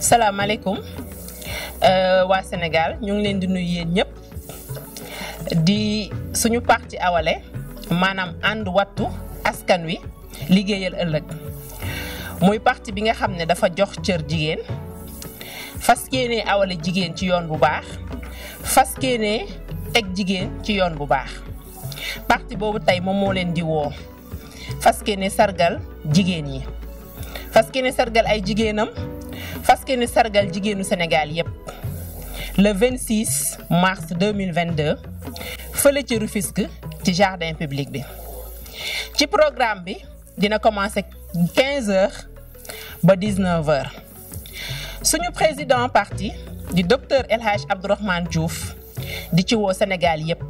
salaamaaleykum euh, waa Sénégal ñu ngi leen di nuyu yéen ñëpp di suñu parti awale maanaam ànd wattu askan wi liggéeyal ëllëg muy parti bi nga xam ne dafa jox cër jigéen fas yéene awale jigéen ci yoon bu baax fas yéene teg jigéen ci yoon bu baax parti boobu tey moom moo leen di woo fas yéene sargal jigéen yi fas yéene sargal ay jigéenam. que nous sargal jigéenu Sénégal le 26 mars 2022 nous ci Rufisque ci jardin public bi ci programme bi dina commencer 15 h ba 19 h suñu président parti di docteur LH Hadj Diouf di ci wo Sénégal yépp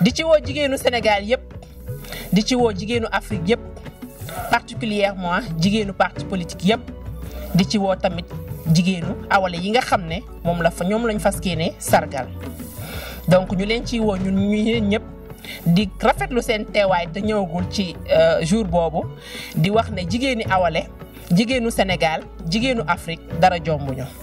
di ci wo Sénégal yépp di ci wo jigéenu Afrique particulièrement au parti politique di ci woo tamit jigéenu awale yi nga xam ne moom la fa ñoom lañ fas yéene sargal donc ñu leen ci woo ñun ñu ñëpp di rafetlu seen teewaay te ñëwagul ci euh, jour boobu di wax ne jigéeni awale jigéenu Sénégal jigéenu Afrique dara jombuñu